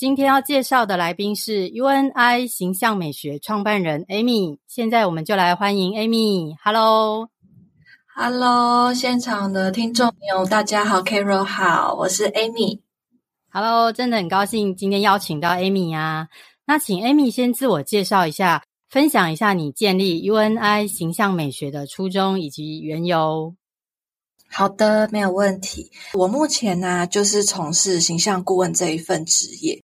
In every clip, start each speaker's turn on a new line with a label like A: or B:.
A: 今天要介紹的來賓是 UNI 形象美學創辦人 Amy。現在我們就來歡迎 Amy。Hello，Hello，Hello, 現場的聽眾朋友，大家好，Carol 好，我是 Amy。Hello，真的很高興今天邀請到 Amy 啊。那請 Amy 先自我介紹一下，分享一下你建立 UNI 形象美學的初衷以及緣由。好的，沒有問題。我目前呢、啊，就是從事形象顧問這一份職
B: 業。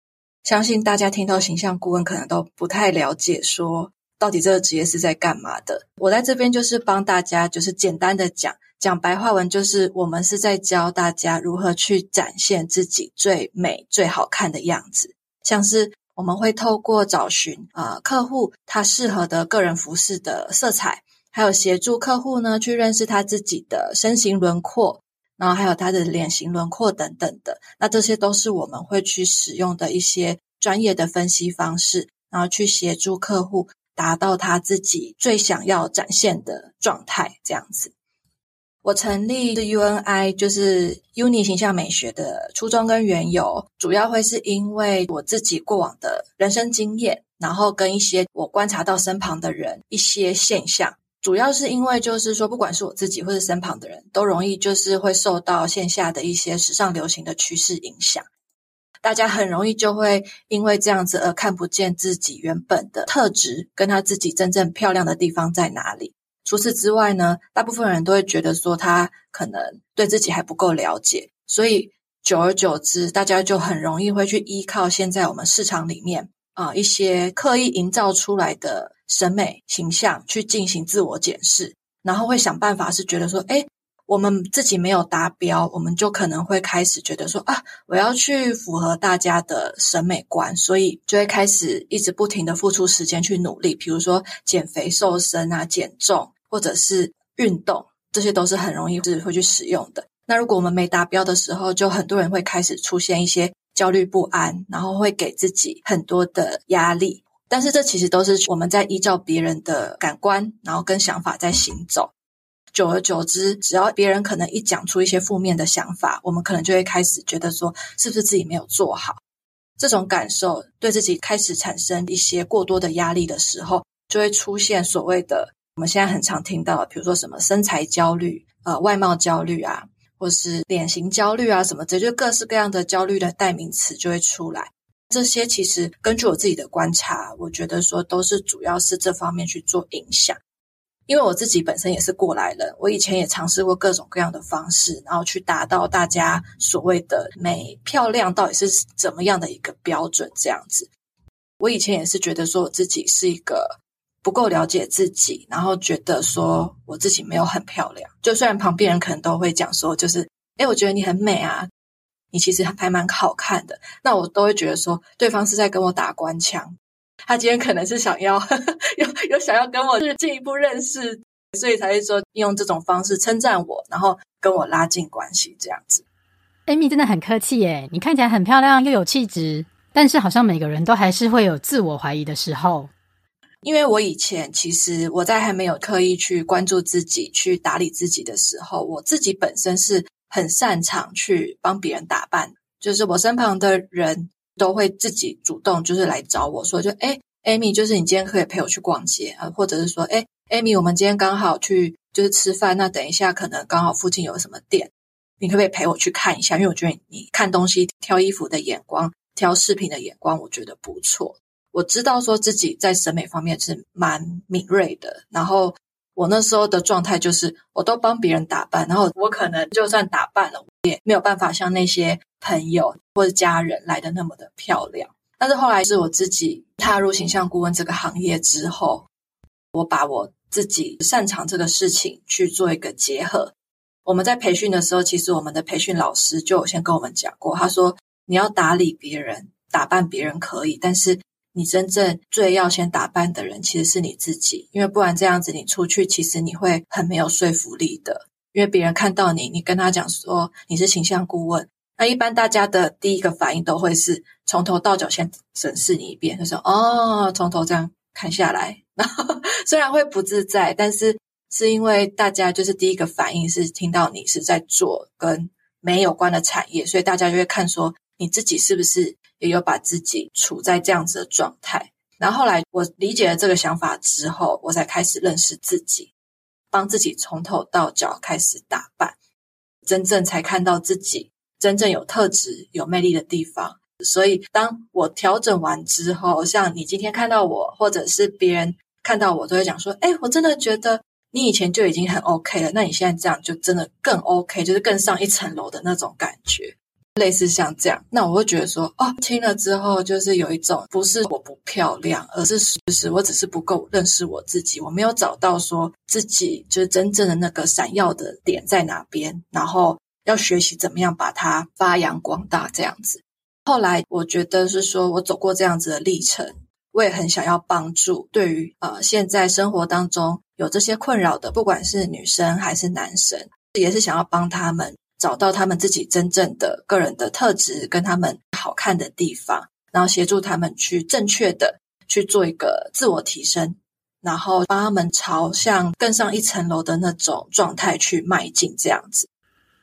B: 相信大家聽到形象顧問，可能都不太了解，說到底這個職業是在幹嘛的。我在這邊就是幫大家，就是簡單的講講白話文，就是我們是在教大家如何去展現自己最美、最好看的樣子。像是我們會透過找尋啊，呃，客戶他適合的個人服飾的色彩，還有協助客戶呢去認識他自己的身形輪廓。然後還有他的臉型輪廓等等的，那這些都是我們會去使用的一些專業的分析方式，然後去協助客戶達到他自己最想要展現的狀態。這樣子，我成立的 UNI 就是 UNI 形象美學的初衷跟緣由，主要會是因為我自己過往的人生經驗，然後跟一些我觀察到身旁的人一些現象。主要是因為，就是說，不管是我自己或者身旁的人都容易，就是會受到現下的一些時尚流行的趨勢影響，大家很容易就會因為這樣子而看不見自己原本的特質，跟他自己真正漂亮的地方在哪裡。除此之外呢，大部分人都會覺得說，他可能對自己還不夠了解，所以久而久之，大家就很容易會去依靠現在我們市場裡面。啊，一些刻意營造出來的審美形象去進行自我檢視，然後會想辦法是覺得說，誒，我們自己沒有達標，我們就可能會開始覺得說，啊，我要去符合大家的審美觀，所以就會開始一直不停的付出時間去努力，比如說減肥、瘦身啊、減重，或者是運動，這些都是很容易會會去使用的。那如果我們沒達標的時候，就很多人會開始出現一些。焦慮不安，然後會給自己很多的壓力，但是這其實都是我們在依照別人的感官，然後跟想法在行走。久而久之，只要別人可能一講出一些負面的想法，我們可能就會開始覺得說，是不是自己沒有做好？這種感受對自己開始產生一些過多的壓力的時候，就會出現所謂的，我們現在很常聽到，比如說什麼身材焦慮、呃，外貌焦慮啊。或是臉型焦慮啊什麼，這，這就各式各樣的焦慮的代名詞就會出來。這些其實根據我自己的觀察，我覺得說都是主要是這方面去做影響。因為我自己本身也是過來人，我以前也嘗試過各種各樣的方式，然後去達到大家所謂的美，漂亮到底是怎麼樣的一個標準，這樣子。我以前也是覺得說我自己是一個。不夠了解自己，然後覺得說我自己沒有很漂亮。就雖然旁邊人可能都會講說，就是哎，我覺得你很美啊，你其實還蠻好看的。那我都會覺得說，對方是在跟我打官腔。他今天可能是想要呵呵有有想要跟我就是進一步認識，所以才會說用這種方式稱讚我，然後跟我拉
A: 近關係這樣子。Amy 真的很客氣耶，你看起來很漂亮又有氣質，但是好像每個人都還是會有自我懷疑的時候。
B: 因為我以前其實我在還沒有刻意去關注自己、去打理自己的時候，我自己本身是很擅長去幫別人打扮。就是我身旁的人都會自己主動，就是來找我說：“就，哎，Amy，就是你今天可以陪我去逛街啊？”或者是說：“哎，Amy，我們今天剛好去就是吃飯，那等一下可能剛好附近有什麼店，你可不可以陪我去看一下？”因為我覺得你看東西、挑衣服的眼光、挑飾品的眼光，我覺得不錯。我知道說自己在審美方面是蠻敏銳的，然後我那時候的狀態就是，我都幫別人打扮，然後我可能就算打扮了，我也沒有辦法像那些朋友或者家人來的那麼的漂亮。但是後來是我自己踏入形象顧問這個行業之後，我把我自己擅長這個事情去做一個結合。我們在培訓的時候，其實我們的培訓老師就有先跟我們講過，他說你要打理別人、打扮別人可以，但是你真正最要先打扮的人，其實是你自己，因為不然這樣子你出去，其實你會很沒有說服力的。因為別人看到你，你跟他講說你是形象顧問，那一般大家的第一個反應都會是從頭到腳先審視你一遍，就說哦，從頭這樣看下來，然後雖然會不自在，但是是因為大家就是第一個反應是聽到你是在做跟美有關的產業，所以大家就會看說你自己是不是。也有把自己處在這樣子的狀態，然後後來我理解了這個想法之後，我才開始認識自己，幫自己從頭到腳開始打扮，真正才看到自己真正有特質、有魅力的地方。所以，當我調整完之後，像你今天看到我，或者是別人看到我，都會講說：“哎，我真的覺得你以前就已經很 OK 了，那你現在這樣就真的更 OK，就是更上一層樓的那種感覺。”類似像這樣，那我會覺得說，哦，聽了之後就是有一種，不是我不漂亮，而是事實，我只是不夠認識我自己，我沒有找到說自己就是真正的那個閃耀的點在哪邊，然後要學習怎麼樣把它發揚光大這樣子。後來我覺得是說，我走過這樣子的歷程，我也很想要幫助對於呃現在生活當中有這些困擾的，不管是女生還是男生，也是想要幫他們。找到他們自己真正的個人的特質，跟他們好看的地方，然後協助他們去正確的去做一個自我提升，然後幫他們朝向更上一層樓的那種狀態去邁進。這樣子。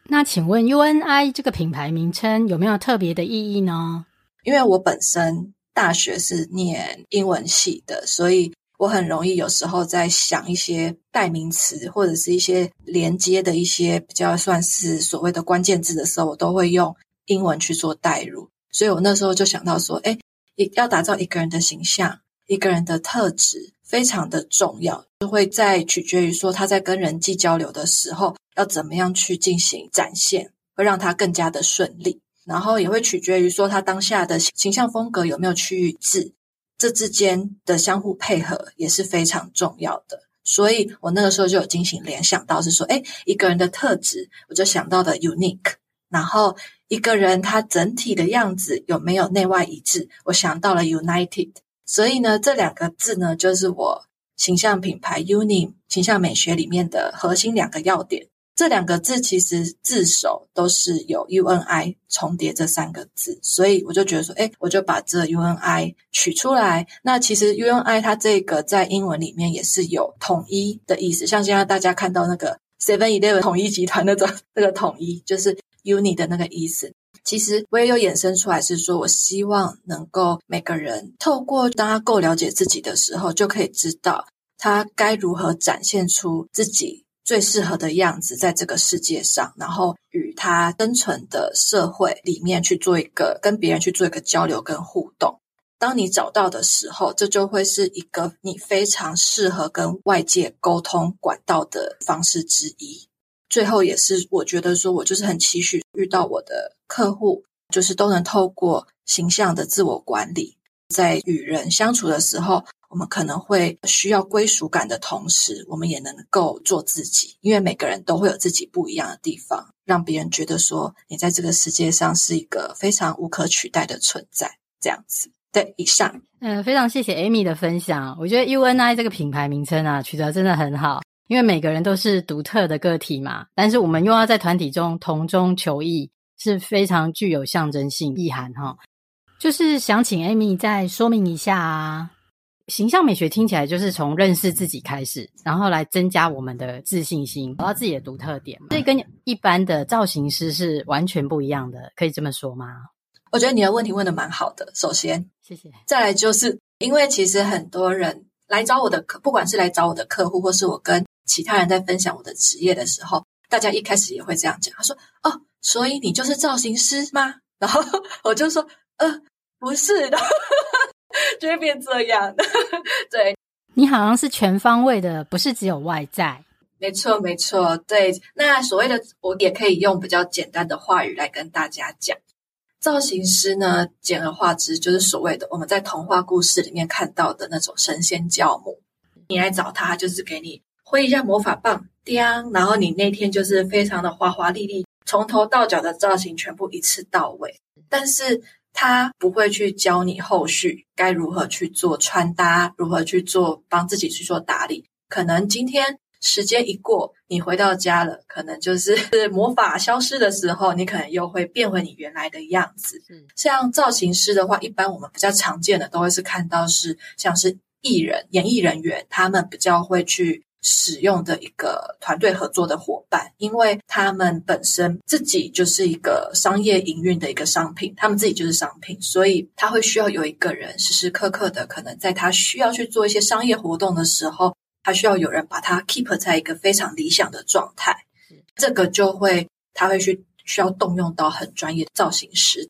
A: 那請問，UNI 這個品牌名稱有沒有特別的意義呢？因為我本
B: 身大學是念英文系的，所以。我很容易有時候在想一些代名詞或者是一些連接的一些比較算是所謂的關鍵字的時候，我都會用英文去做代入。所以我那時候就想到說，哎，一要打造一個人的形象，一個人的特質非常的重要，就會在取決於說他在跟人際交流的時候要怎麼樣去進行展現，會讓他更加的順利，然後也會取決於說他當下的形象風格有沒有區域制。這之間的相互配合也是非常重要的，所以我那個時候就有進行聯想到是說，哎，一個人的特質，我就想到了 unique，然後一個人他整體的樣子有沒有內外一致，我想到了 united，所以呢，這兩個字呢，就是我形象品牌 UNI 形象美學裡面的核心兩個要點。這兩個字其實字首都是由 U N I 重疊這三個字，所以我就覺得說，哎，我就把這 U N I 取出來。那其實 U N I 它這個在英文裡面也是有統一的意思，像現在大家看到那個 Seven Eleven 統一集團那種、個、那個統一，就是 Uni 的那個意思。其實我也有衍生出來是說，我希望能夠每個人透過當他夠了解自己的時候，就可以知道他該如何展現出自己。最適合的樣子，在這個世界上，然後與他生存的社會裡面去做一個跟別人去做一個交流跟互動。當你找到的時候，這就會是一個你非常適合跟外界溝通管道的方式之一。最後也是我覺得說，我就是很期許遇到我的客戶，就是都能透過形象的自我管理，在與人相處的時候，我們可能會需要歸屬感的同時，我們也能夠做自己，因為每個人都會有自己不一樣的地方，讓別人覺得說你在這個世界上是一個非常無可取代的存在。這樣
A: 子，對，以上，嗯、呃，非常謝謝 Amy 的分享。我覺得 UNI 這個品牌名稱啊，取得真的很好，因為每個人都是獨特的個體嘛，但是我們又要在團體中同中求異，是非常具有象徵性意涵哈。就是想請 Amy 再說明一下啊。形象美學聽起來就是從認識自己開始，然後來增加我們的自信心，找到自己的獨特點嘛。這、嗯、跟一般的造型師是完全不一樣的，可以這麼說嗎？我覺得你的問題問得蠻好的。首先，謝謝。
B: 再來就是因為其實很多人來找我的客，不管是來找我的客戶，或是我跟其他人在分享我的職業的時候，大家一開始也會這樣講，他說：“哦，所以你就是造型師嗎？”然後我就說：“呃，不是的。” 就會變這樣的， 對。
A: 你好像是全方位的，不是只有外在。
B: 沒錯，沒錯，對。那所謂的，我也可以用比較簡單的話語來跟大家講，
A: 造型師呢，
B: 簡而化之，就是所謂的我們在童話故事裡面看到的那種神仙教母。你來找他，就是給你揮一下魔法棒，當，然後你那天就是非常的華華麗麗，從頭到腳的造型全部一次到位，但是。他不會去教你後續該如何去做穿搭，如何去做幫自己去做打理。可能今天時間一過，你回到家了，可能就是魔法消失的時候，你可能又會變回你原來的樣子。像造型師的話，一般我們比較常見的都會是看到是像是藝人、演藝人員，他們比較會去使用的一個團隊合作的夥伴，因為他們本身自己就是一個商業營運的一個商品，他們自己就是商品，所以他會需要有一個人時時刻刻的可能在他需要去做一些商業活動的時候，他需要有人把他 keep 在一個非常理想的狀態。這個就會他會去需要動用到很專業的造型師。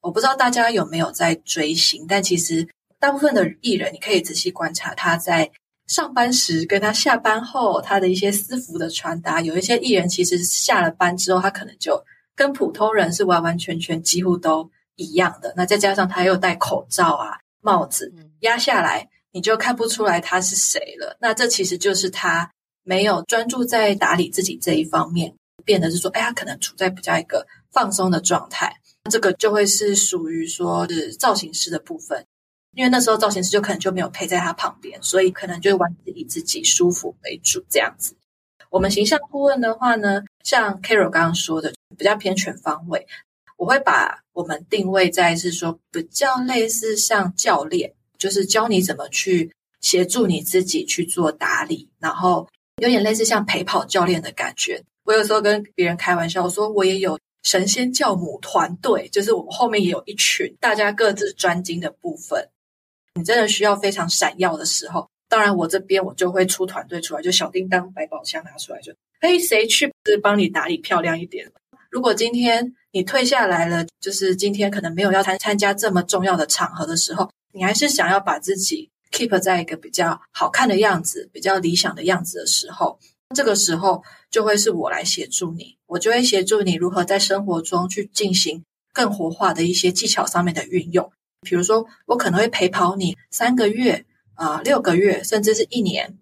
B: 我不知道大家有沒有在追星，但其實大部分的藝人，你可以仔細觀察他在。上班時跟他下班後他的一些私服的穿搭。有一些藝人其實下了班之後，他可能就跟普通人是完完全全幾乎都一樣的。那再加上他又戴口罩啊、帽子壓下來，你就看不出來他是誰了。那這其實就是他沒有專注在打理自己這一方面，變得是說，哎呀，他可能處在比較一個放鬆的狀態。那這個就會是屬於說是造型師的部分。因為那時候造型師就可能就沒有陪在他旁邊，所以可能就完全以自己舒服為主這樣子。我們形象顧問的話呢，像 Carol 剛剛說的，比較偏全方位。我會把我們定位在是說比較類似像教練，就是教你怎麼去協助你自己去做打理，然後有點類似像陪跑教練的感覺。我有時候跟別人開玩笑，我說我也有神仙教母團隊，就是我們後面也有一群大家各自專精的部分。你真的需要非常閃耀的時候，當然我這邊我就會出團隊出來，就小叮噹、百寶箱拿出來就，就嘿，誰去幫你打理漂亮一點？如果今天你退下來了，就是今天可能沒有要參參加這麼重要的場合的時候，你還是想要把自己 keep 在一個比較好看的樣子、比較理想的樣子的時候，這個時候就會是我來協助你，我就會協助你如何在生活中去進行更活化的一些技巧上面的運用。比如說，我可能會陪跑你三個月啊、呃，六個月，甚至是一年。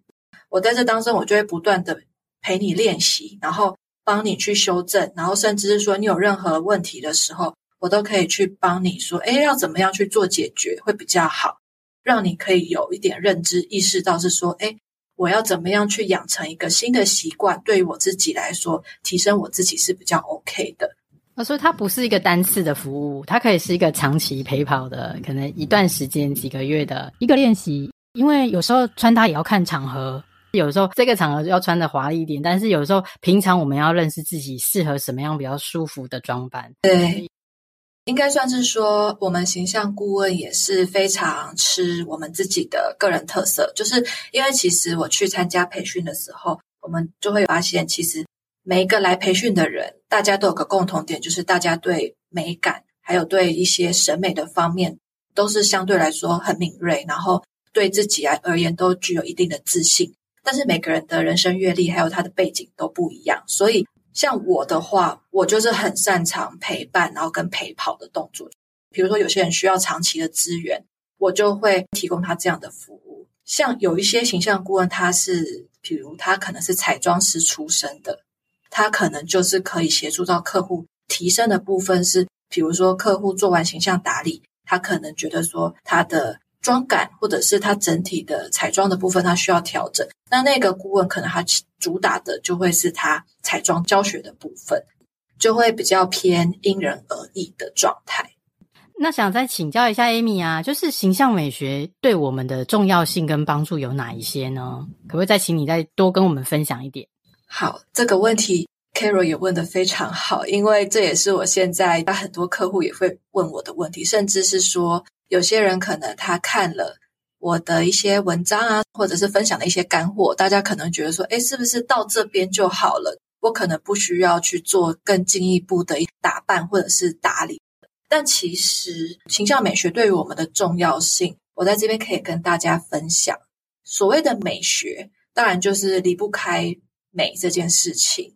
B: 我在這當中，我就會不斷的陪你練習，然後幫你去修正，然後甚至是說你有任何問題的時候，我都可以去幫你說，哎，要怎麼樣去做解決會比較好，讓你可以有一點認知，意識到是說，哎，我要怎麼樣去養成一個新的習慣，對於我自己來說，提升我自己是比較
A: OK 的。啊，所以它不是一個單次的服務，它可以是一個長期陪跑的，可能一段時間幾個月的一個練習。因為有時候穿搭也要看場合，有時候這個場合要穿得華麗一點，但是有時候平常我們要認識自己適合什麼樣比較舒服的裝扮。對，
B: 應該算是說，我們形象顧問也是非常吃我們自己的個人特色，就是因為其實我去參加培訓的時候，我們就會發現其實。每一個來培訓的人，大家都有個共同點，就是大家對美感還有對一些審美的方面都是相對來說很敏銳，然後對自己而言都具有一定的自信。但是每個人的人生閱歷還有他的背景都不一樣，所以像我的話，我就是很擅長陪伴，然後跟陪跑的動作。比如說，有些人需要長期的資源，我就會提供他這樣的服務。像有一些形象顧問，他是比如他可能是彩妝師出身的。他可能就是可以協助到客戶提升的部分是，比如說客戶做完形象打理，他可能覺得說他的妝感或者是他整體的彩妝的部分他需要調整，那那個顧問可能他主打的就會是他彩妝教學的部分，就會比較偏因人而異的狀態。
A: 那想再請教一下 Amy 啊，就是形象美學對我們的重要性跟幫助有哪一些呢？可不可以再請你再多跟我們分享一點？好，這個問題 Carol 也問得非常好，
B: 因為這也是我現在那很多客戶也會問我的問題，甚至是說有些人可能他看了我的一些文章啊，或者是分享的一些乾貨，大家可能覺得說，哎，是不是到這邊就好了？我可能不需要去做更進一步的打扮或者是打理。但其實形象美學對於我們的重要性，我在這邊可以跟大家分享。所謂的美學，當然就是離不開。美這件事情，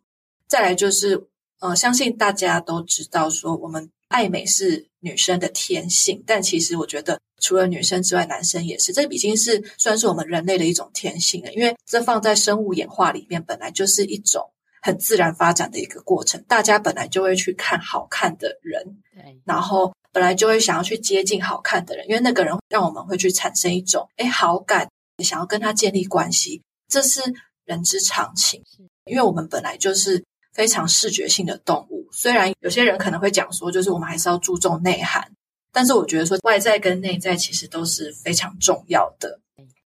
B: 再來就是呃，相信大家都知道，說我們愛美是女生的天性，但其實我覺得，除了女生之外，男生也是，這已經是算是我們人類的一種天性了。因為這放在生物演化裡面，本來就是一種很自然發展的一個過程。大家本來就會去看好看的人，對，然後本來就會想要去接近好看的人，因為那個人讓我們會去產生一種誒好感，想要跟他建立關係，這是人之常情，因為我們本來就是非常視覺性的動物。雖然有些人可能會講說，就是我們還是要注重內涵，但是我覺得說外在跟內在其實都是非常重要的。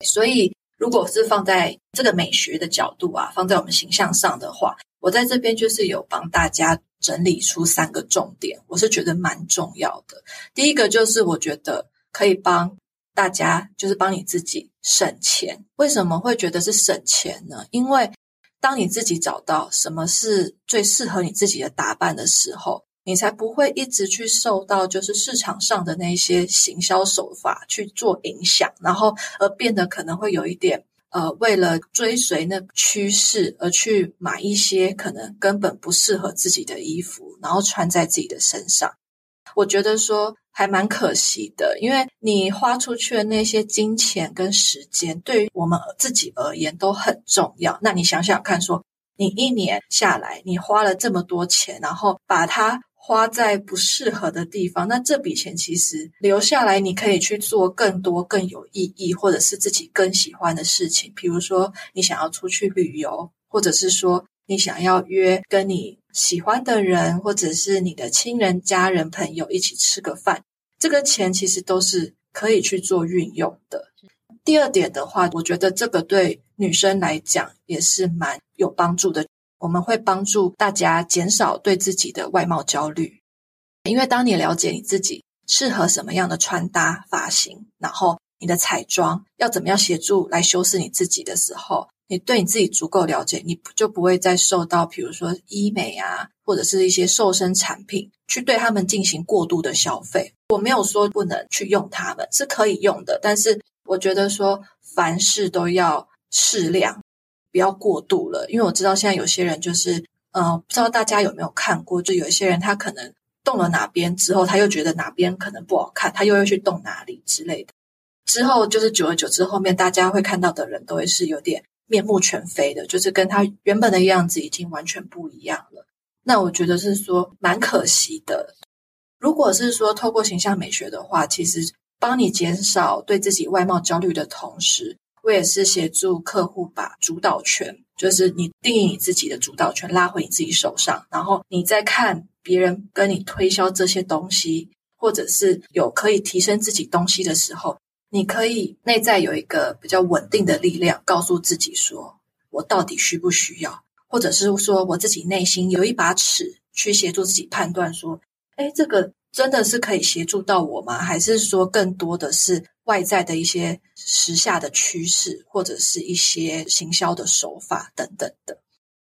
B: 所以，如果是放在這個美學的角度啊，放在我們形象上的話，我在這邊就是有幫大家整理出三個重點，我是覺得蠻重要的。第一個就是我覺得可以幫。大家就是幫你自己省錢。為什麼會覺得是省錢呢？因為當你自己找到什麼是最適合你自己的打扮的時候，你才不會一直去受到就是市場上的那些行銷手法去做影響，然後而變得可能會有一點呃，為了追隨那趨勢而去買一些可能根本不適合自己的衣服，然後穿在自己的身上。我覺得說。還蠻可惜的，因為你花出去的那些金錢跟時間，對於我們自己而言都很重要。那你想想看說，說你一年下來，你花了這麼多錢，然後把它花在不適合的地方，那這筆錢其實留下來，你可以去做更多更有意義，或者是自己更喜歡的事情，比如說你想要出去旅遊，或者是說，你想要約跟你喜歡的人，或者是你的親人、家人、朋友一起吃個飯，這個錢其實都是可以去做運用的。第二點的話，我覺得這個對女生來講也是蠻有幫助的。我們會幫助大家減少對自己的外貌焦慮，因為當你了解你自己適合什麼樣的穿搭、髮型，然後……你的彩妝要怎麼樣協助來修飾你自己的時候，你對你自己足夠了解，你就不會再受到，比如說醫美啊，或者是一些瘦身產品去對他們進行過度的消費。我沒有說不能去用它們是可以用的，但是我覺得說凡事都要適量，不要過度了。因為我知道現在有些人就是，呃，不知道大家有沒有看過，就有一些人他可能動了哪邊之後，他又覺得哪邊可能不好看，他又要去動哪裡之類的。之後就是久而久之，後面大家會看到的人，都會是有點面目全非的，就是跟他原本的樣子已經完全不一樣了。那我覺得是說蠻可惜的。如果是說透過形象美學的話，其實幫你減少對自己外貌焦慮的同時，我也是協助客戶把主導權，就是你定義你自己的主導權拉回你自己手上，然後你在看別人跟你推銷這些東西，或者是有可以提升自己東西的時候。你可以內在有一個比較穩定的力量，告訴自己說：“我到底需不需要？”或者是說，我自己內心有一把尺，去協助自己判斷說：“誒，這個真的是可以協助到我嗎？”還是說，更多的是外在的一些時下的趨勢，或者是一些行銷的手法等等的。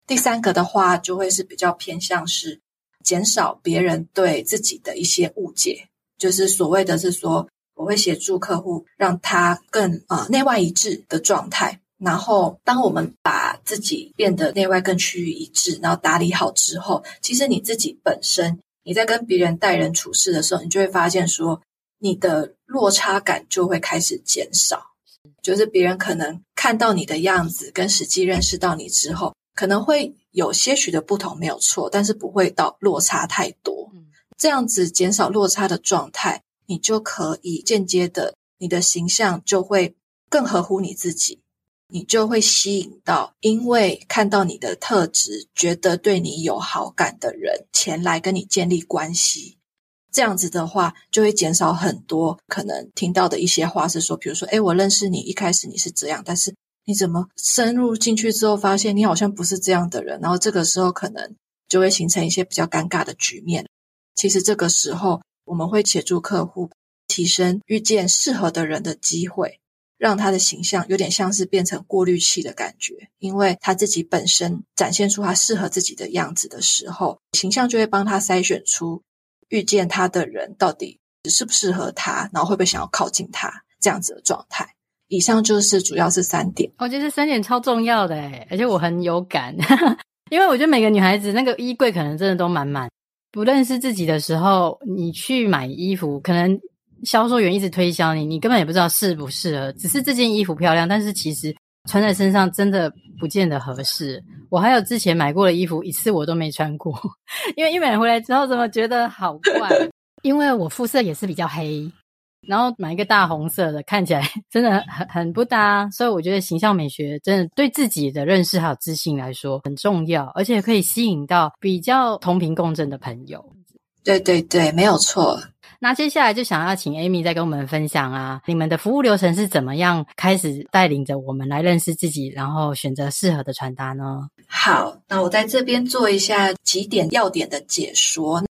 B: 第三個的話，就會是比較偏向是減少別人對自己的一些誤解，就是所謂的是說。我會協助客戶，讓他更呃內外一致的狀態。然後，當我們把自己變得內外更趨於一致，然後打理好之後，其實你自己本身你在跟別人待人處事的時候，你就會發現說，你的落差感就會開始減少。就是別人可能看到你的樣子跟實際認識到你之後，可能會有些許的不同，沒有錯，但是不會到落差太多，這樣子減少落差的狀態。你就可以間接的，你的形象就會更合乎你自己，你就會吸引到因為看到你的特質，覺得對你有好感的人前來跟你建立關係。這樣子的話，就會減少很多可能聽到的一些話，是說，比如說，哎，我認識你，一開始你是這樣，但是你怎麼深入進去之後，發現你好像不是這樣的人，然後這個時候可能就會形成一些比較尷尬的局面。其實這個時候。我們會協助客戶提升遇見適合的人的機會，讓他的形象有點像是變成過濾器的感覺，因為他自己本身展現出他適合自己的樣子的時候，形象就會幫他篩選出遇見他的人到底適不適合他，然後會不會想要
A: 靠近他這樣子的狀態。以上就是主要是三點，我覺得這三點超重要的耶，而且我很有感， 因為我覺得每個女孩子那個衣櫃可能真的都滿滿。不認識自己的時候，你去買衣服，可能銷售員一直推銷你，你根本也不知道適不適合。只是這件衣服漂亮，但是其實穿在身上真的不見得合適。我還有之前買過的衣服，一次我都沒穿過， 因為一買回來之後，怎麼覺得好怪？ 因為我膚色也是比較黑。然後買一個大紅色的，看起來真的很很不搭，所以我覺得形象美學真的對自己的認識還有自信來說很重要，而且可以吸引到比較同頻共振的朋友。
B: 對對對，沒有錯。
A: 那接下來就想要請 Amy 再跟我們分享啊，你們的服務流程是怎麼樣開始帶領着我們來認識自己，然後選擇適合的穿搭呢？
B: 好，那我在這邊做一下幾點要點的解說，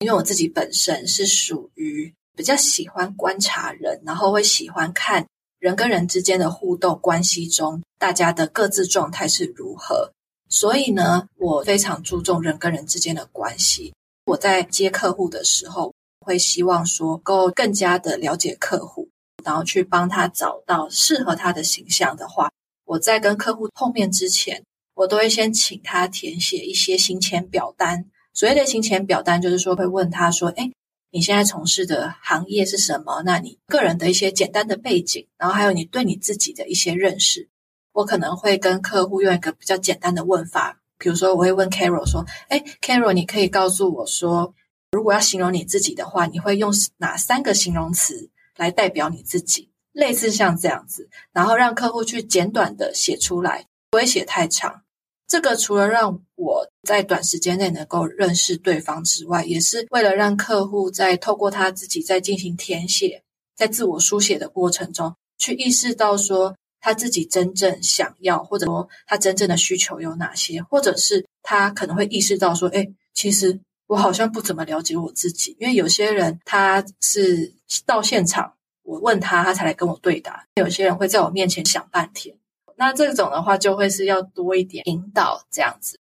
B: 因為我自己本身是屬於。比較喜歡觀察人，然後會喜歡看人跟人之間的互動關係中，大家的各自狀態是如何。所以呢，我非常注重人跟人之間的關係。我在接客戶的時候，會希望說，夠更加的了解客戶，然後去幫他找到適合他的形象的話。我在跟客戶碰面之前，我都會先請他填寫一些行前表單。所謂的行前表單，就是說會問他說：“哎、欸。”你現在從事的行業是什麼？那你個人的一些簡單的背景，然後還有你對你自己的一些認識，我可能會跟客戶用一個比較簡單的問法，比如說我會問 Carol 說：“誒，Carol，你可以告訴我說，如果要形容你自己的話，你會用哪三個形容詞來代表你自己？類似像這樣子，然後讓客戶去簡短的寫出來，不會寫太長。”這個除了讓我在短時間內能夠認識對方之外，也是為了讓客戶在透過他自己在進行填寫，在自我書寫的過程中，去意識到說他自己真正想要，或者說他真正的需求有哪些，或者是他可能會意識到說，哎、欸，其實我好像不怎麼了解我自己，因為有些人他是到現場，我問他，他才來跟我對答，有些人會在我面前想半天。那這種的話，就會是要多一點引導這樣子。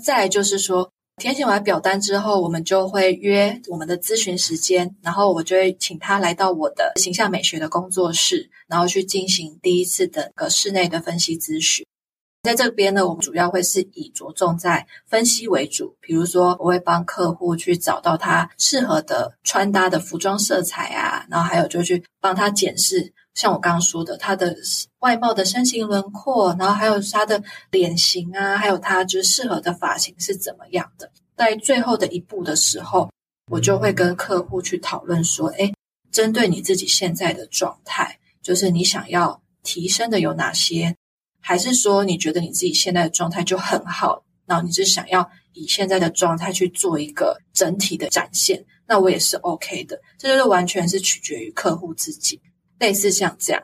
B: 再來就是說，填寫完表單之後，我們就會約我們的諮詢時間，然後我就會請他來到我的形象美學的工作室，然後去進行第一次的個室內的分析諮詢。在這邊呢，我們主要會是以着重在分析為主，比如說我會幫客戶去找到他適合的穿搭的服裝色彩啊，然後還有就去幫他檢視。像我剛剛說的，他的外貌的身形輪廓，然後還有他的臉型啊，還有他就是適合的髮型是怎麼樣的。在最後的一步的時候，我就會跟客戶去討論說：“哎，針對你自己現在的狀態，就是你想要提升的有哪些？還是說你覺得你自己現在的狀態就很好，然後你是想要以現在的狀態去做一個整體的展現？那我也是 OK 的。這就是完全是取決於客戶自己。”類似像這樣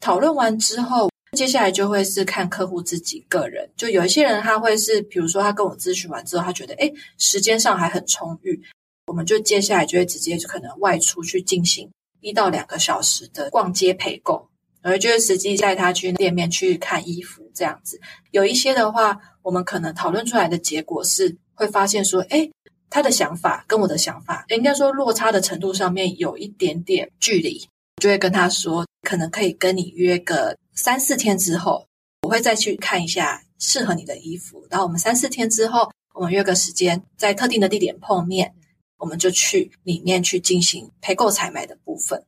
B: 討論完之後，接下來就會是看客戶自己個人。就有一些人他會是，比如說他跟我諮詢完之後，他覺得，哎，時間上還很充裕，我們就接下來就會直接就可能外出去進行一到兩個小時的逛街陪購，而就會實際帶他去店面去看衣服這樣子。有一些的話，我們可能討論出來的結果是會發現說，哎，他的想法跟我的想法，應該說落差的程度上面有一點點距離。我就會跟他說，可能可以跟你約個三四天之後，我會再去看一下適合你的衣服。然後我們三四天之後，我們約個時間，在特定的地點碰面，我們就去裡面去進行陪購採買的部分。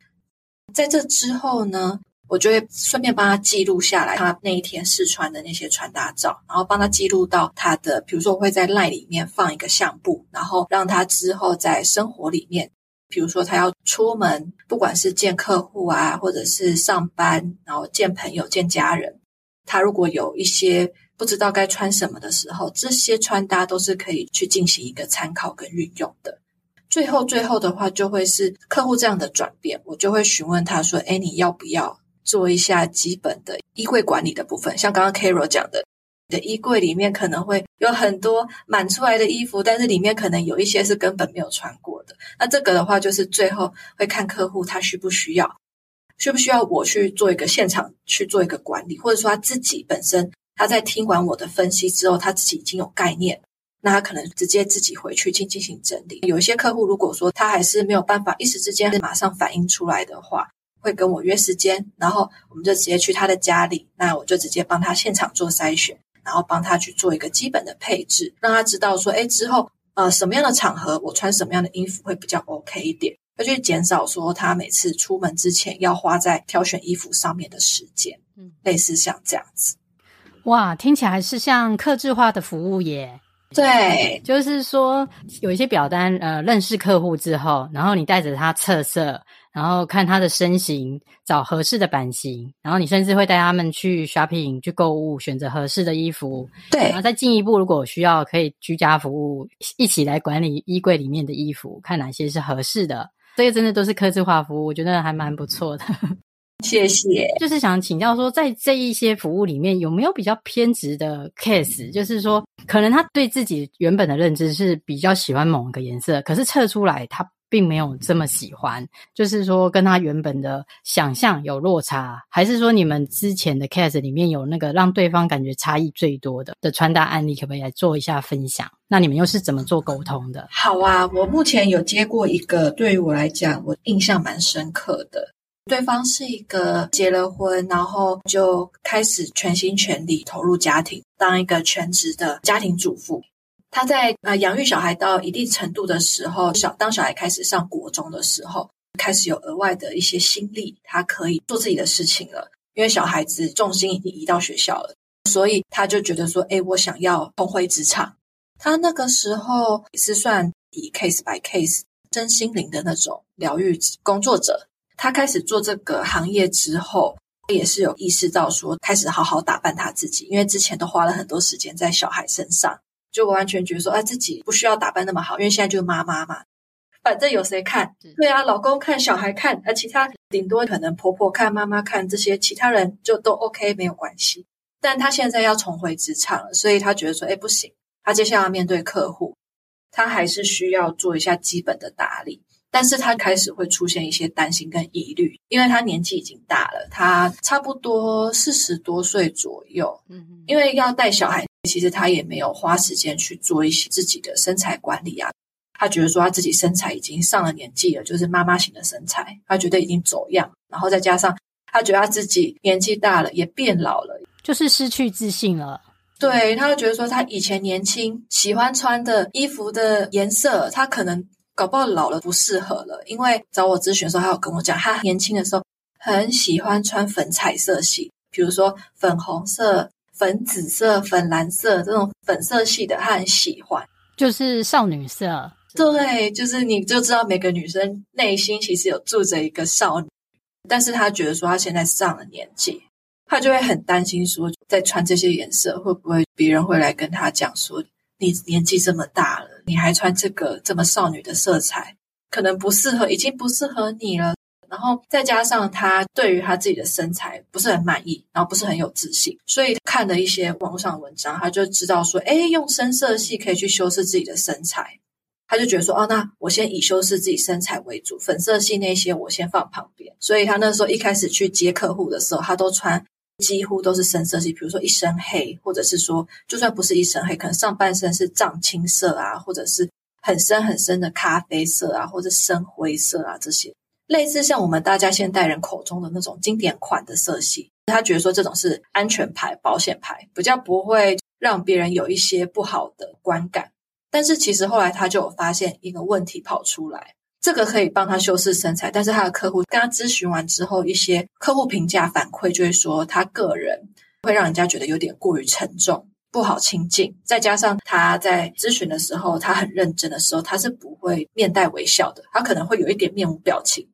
B: 在這之後呢，我就會順便幫他記錄下來他那一天試穿的那些穿搭照，然後幫他記錄到他的，比如說我會在 LINE 裡面放一個相簿，然後讓他之後在生活裡面。比如說，他要出門，不管是見客戶啊，或者是上班，然後見朋友、見家人，他如果有一些不知道該穿什麼的時候，這些穿搭都是可以去進行一個參考跟運用的。最後，最後的話就會是客戶這樣的轉變，我就會詢問他說：“誒，你要不要做一下基本的衣櫃管理的部分？”像剛剛 Carol 講的。的衣櫃裡面可能會有很多滿出來的衣服，但是裡面可能有一些是根本沒有穿過的。那這個的話，就是最後會看客戶他需不需要，需不需要我去做一個現場去做一個管理，或者說他自己本身他在聽完我的分析之後，他自己已經有概念，那他可能直接自己回去去進行整理。有一些客戶如果說他還是沒有辦法一時之間馬上反應出來的話，會跟我約時間，然後我們就直接去他的家裡，那我就直接幫他現場做篩選。然後幫他去做一個基本的配置，讓他知道說，哎，之後呃什麼樣的場合我穿什麼樣的衣服會比較 OK 一點，他去減少說他每次出門之前要花在挑選衣服上面的時間、嗯，類似像這樣子。
A: 哇，聽起來是像客制化的服務耶。對，呃、就是說有一些表單，呃，認識客戶之後，然後你帶着他測色。然後看他的身形，找合適的版型。然後你甚至會帶他們去 shopping 去購物，選擇合適的衣服。對，然後再進一步，如果需要，可以居家服務，一起來管理衣櫃裡面的衣服，看哪些是合適的。這些真的都是客製化服務，我覺得還蠻不錯的。謝謝。就是想請教說，在這一些服務裡面，有沒有比較偏執的 case？就是說，可能他對自己原本的認知是比較喜歡某個顏色，可是測出來他並沒有這麼喜歡，就是說跟他原本的想象有落差，還是說你們之前的 case 裡面有那個讓對方感覺差異最多的的穿搭案例，可不可以來做一下分享？那你們又是怎麼做溝通的？
B: 好啊，我目前有接過一個，對於我來講我印象蠻深刻的，對方是一個結了婚，然後就開始全心全力投入家庭，當一個全職的家庭主婦。他在呃養育小孩到一定程度的時候，小當小孩開始上國中的時候，開始有額外的一些心力，他可以做自己的事情了。因為小孩子重心已經移到學校了，所以他就覺得說：“哎，我想要重回職場。”他那個時候也是算以 case by case 身心靈的那種療癒工作者。他開始做這個行業之後，也是有意識到說，開始好好打扮他自己，因為之前都花了很多時間在小孩身上。就完全覺得說，哎、啊，自己不需要打扮那麼好，因為現在就是媽媽嘛，反正有誰看，對啊，老公看，小孩看，啊，其他頂多可能婆婆看，媽媽看，這些其他人就都 OK，沒有關係。但他現在要重回職場了，所以他覺得說，哎，不行，他接下來面對客戶，他還是需要做一下基本的打理。但是他開始會出現一些擔心跟疑慮，因為他年紀已經大了，他差不多四十多歲左右，嗯，嗯，因為要帶小孩。其實他也沒有花時間去做一些自己的身材管理啊。他覺得說他自己身材已經上了年紀了，就是媽媽型的身材，他覺得已經走樣。然後再加上他覺得他自己年紀大了，也變老了，
A: 就是失去自信
B: 了。對，他會覺得說他以前年輕，喜歡穿的衣服的顏色，他可能搞不好老了，不適合了。因為找我諮詢的時候，他有跟我講，他年輕的時候很喜歡穿粉彩色系，比如說粉紅色、粉紫色、粉藍色這種粉色系的，她很喜歡，
A: 就是少女色。
B: 對，就是你就知道每個女生內心其實有住着一個少女，但是她覺得說她現在上了年紀，她就會很擔心說，再穿這些顏色會不會別人會來跟她講說，你年紀這麼大了，你還穿這個這麼少女的色彩，可能不適合，已經不適合你了。然後再加上他對於他自己的身材不是很滿意，然後不是很有自信，所以看了一些網絡上的文章，他就知道說：“哎，用深色系可以去修飾自己的身材。”他就覺得說：“哦，那我先以修飾自己身材為主，粉色系那些我先放旁邊。”所以他那時候一開始去接客戶的時候，他都穿幾乎都是深色系，比如說一身黑，或者是說就算不是一身黑，可能上半身是藏青色啊，或者是很深很深的咖啡色啊，或者深灰色啊這些。類似像我們大家現代人口中的那種經典款的色系，他覺得說這種是安全牌、保險牌，比較不會讓別人有一些不好的觀感。但是其實後來他就發現一個問題跑出來，這個可以幫他修飾身材，但是他的客戶跟他諮詢完之後，一些客戶評價反饋就會說，他個人會讓人家覺得有點過於沉重，不好親近。再加上他在諮詢的時候，他很認真的時候，他是不會面帶微笑的，他可能會有一點面無表情。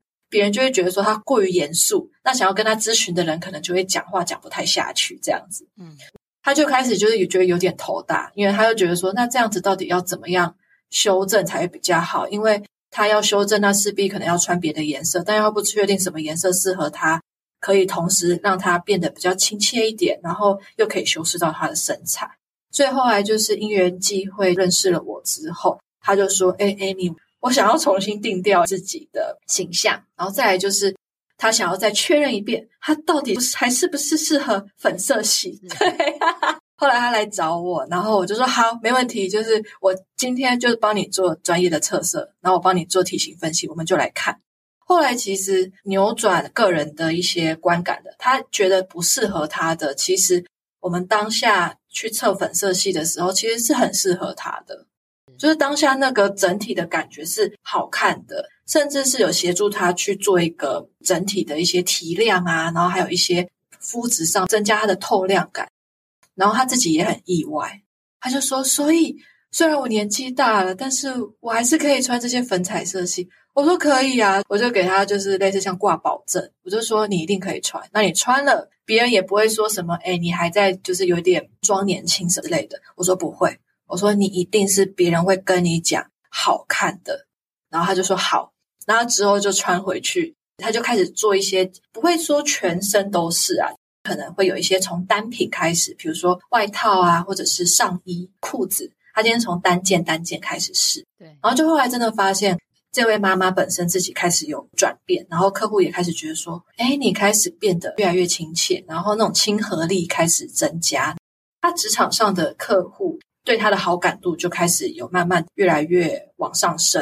B: 別人就會覺得說他過於嚴肅，那想要跟他諮詢的人可能就會講話講不太下去。這樣子，嗯，他就開始就是覺得有點頭大，因為他就覺得說，那這樣子到底要怎麼樣修正才會比較好？因為他要修正，那勢必可能要穿別的顏色，但又不確定什麼顏色適合他，可以同時讓他變得比較親切一點，然後又可以修飾到他的身材。最後來就是因緣際會認識了我之後，他就說：“哎，哎，你。”我想要重新定調自己的形象，然後再來就是他想要再確認一遍，他到底還是不是適合粉色系？對。 後來他來找我，然後我就說好，沒問題，就是我今天就是幫你做專業的測色，然後我幫你做體型分析，我們就來看。後來其實扭轉個人的一些觀感的，他覺得不適合他的，其實我們當下去測粉色系的時候，其實是很適合他的。就是當下那個整體的感覺是好看的，甚至是有協助他去做一個整體的一些提亮啊，然後還有一些膚質上增加他的透亮感。然後他自己也很意外，他就說：“所以雖然我年紀大了，但是我還是可以穿這些粉彩色系。”我說：“可以啊。”我就給他就是類似像掛保證，我就說：“你一定可以穿。那你穿了，別人也不會說什麼，哎，你還在就是有點裝年輕什麼之類的。”我說：“不會。”我說：“你一定是別人會跟你講好看的。”然後他就說：“好。”然後之後就穿回去，他就開始做一些，不會說全身都是啊，可能會有一些從單品開始，比如說外套啊，或者是上衣、褲子。他今天從單件單件開始試，對。然後就後來真的發現，這位媽媽本身自己開始有轉變，然後客戶也開始覺得說：“哎，你開始變得越來越親切，然後那種親和力開始增加。”他職場上的客戶。對他的好感度就開始有慢慢越來越往上升，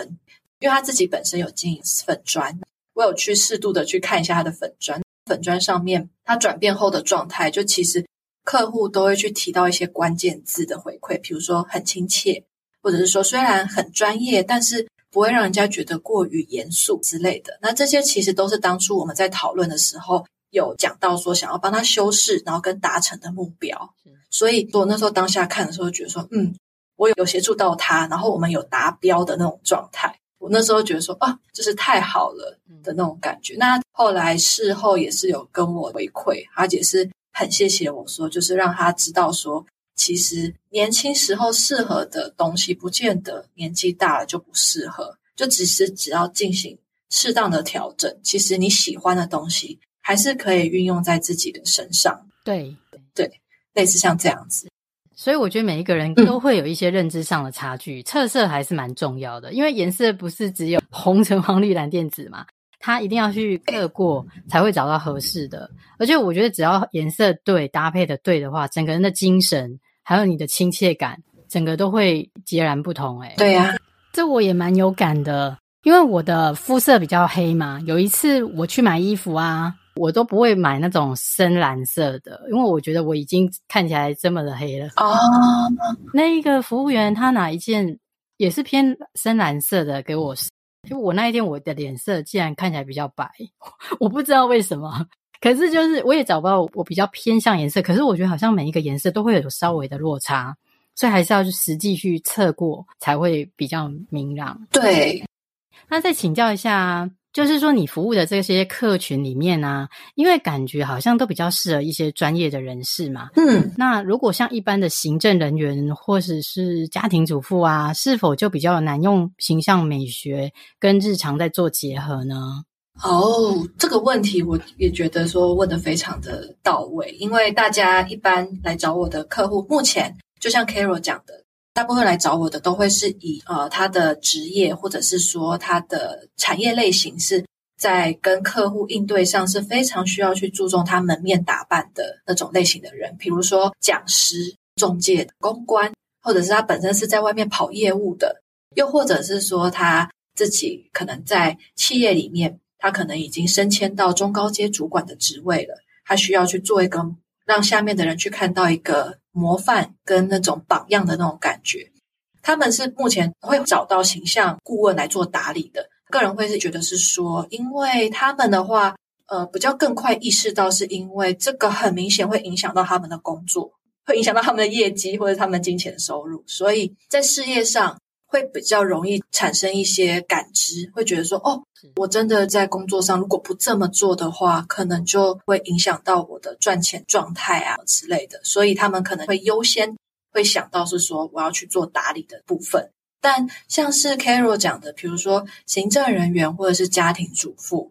B: 因為他自己本身有經營粉專，我有去適度的去看一下他的粉專，粉專上面他轉變後的狀態，就其實客戶都會去提到一些關鍵字的回饋，比如說很親切，或者是說雖然很專業，但是不會讓人家覺得過於嚴肅之類的。那這些其實都是當初我們在討論的時候。有講到說想要幫他修飾，然後跟達成的目標，所以我那時候當下看的時候覺得說，嗯，我有協助到他，然後我們有達標的那種狀態。我那時候覺得說，啊，就是太好了的那種感覺。嗯。那後來事後也是有跟我回饋，而且是很謝謝我說，就是讓他知道說，其實年輕時候適合的東西，不見得年紀大了就不適合，就只是只要進行適當的調整，其實你喜歡的東西，
A: 還是可以運用在自己
B: 的身上，對對，類似像這樣子。
A: 所以我覺得每一個人都會有一些認知上的差距，嗯、測色還是蠻重要的。因為顏色不是只有紅橙黃綠藍靛紫嘛，它一定要去測過才會找到合適的。而且我覺得只要顏色對搭配的對的話，整個人的精神還有你的親切感，整個都會截然不同欸。誒對呀，啊，這我也蠻有感的，因為我的膚色比較黑嘛。有一次我去買衣服啊。我都不會買那種深藍色的，因為我覺得我已經看起來這麼的黑了。哦、oh.，那一個服務員他拿一件也是偏深藍色的給我，就我那一天我的臉色竟然看起來比較白，我不知道為什麼，可是就是我也找不到我比較偏向顏色，可是我覺得好像每一個顏色都會有稍微的落差，所以還是要去實際去測過才會比較明朗。對，對，那再請教一下。就是說，你服務的這些客群裡面啊，因為感覺好像都比較適合一些專業的人士嘛。嗯，那如果像一般的行政人員或者是家庭主婦啊，是否就比較難用形象美學跟日常在做結合呢？
B: 哦，這個問題我也覺得說問得非常的到位，因為大家一般來找我的客戶，目前就像 Carol 講的。大部分來找我的都會是以呃他的職業或者是說他的產業類型是在跟客戶應對上是非常需要去注重他門面打扮的那種類型的人，比如說講師、中介、公關，或者是他本身是在外面跑業務的，又或者是說他自己可能在企業裡面，他可能已經升遷到中高階主管的職位了，他需要去做一個讓下面的人去看到一個。模範跟那種榜樣的那種感覺，他們是目前會找到形象顧問來做打理的，個人會是覺得是說，因為他們的話，呃，比較更快意識到，是因為這個很明顯會影響到他們的工作，會影響到他們的業績或者他們金錢收入，所以在事業上。會比較容易產生一些感知，會覺得說，哦，我真的在工作上如果不這麼做的話，可能就會影響到我的賺錢狀態啊之類的，所以他們可能會優先會想到是說，我要去做打理的部分。但像是 Carol 講的，比如說行政人員或者是家庭主婦，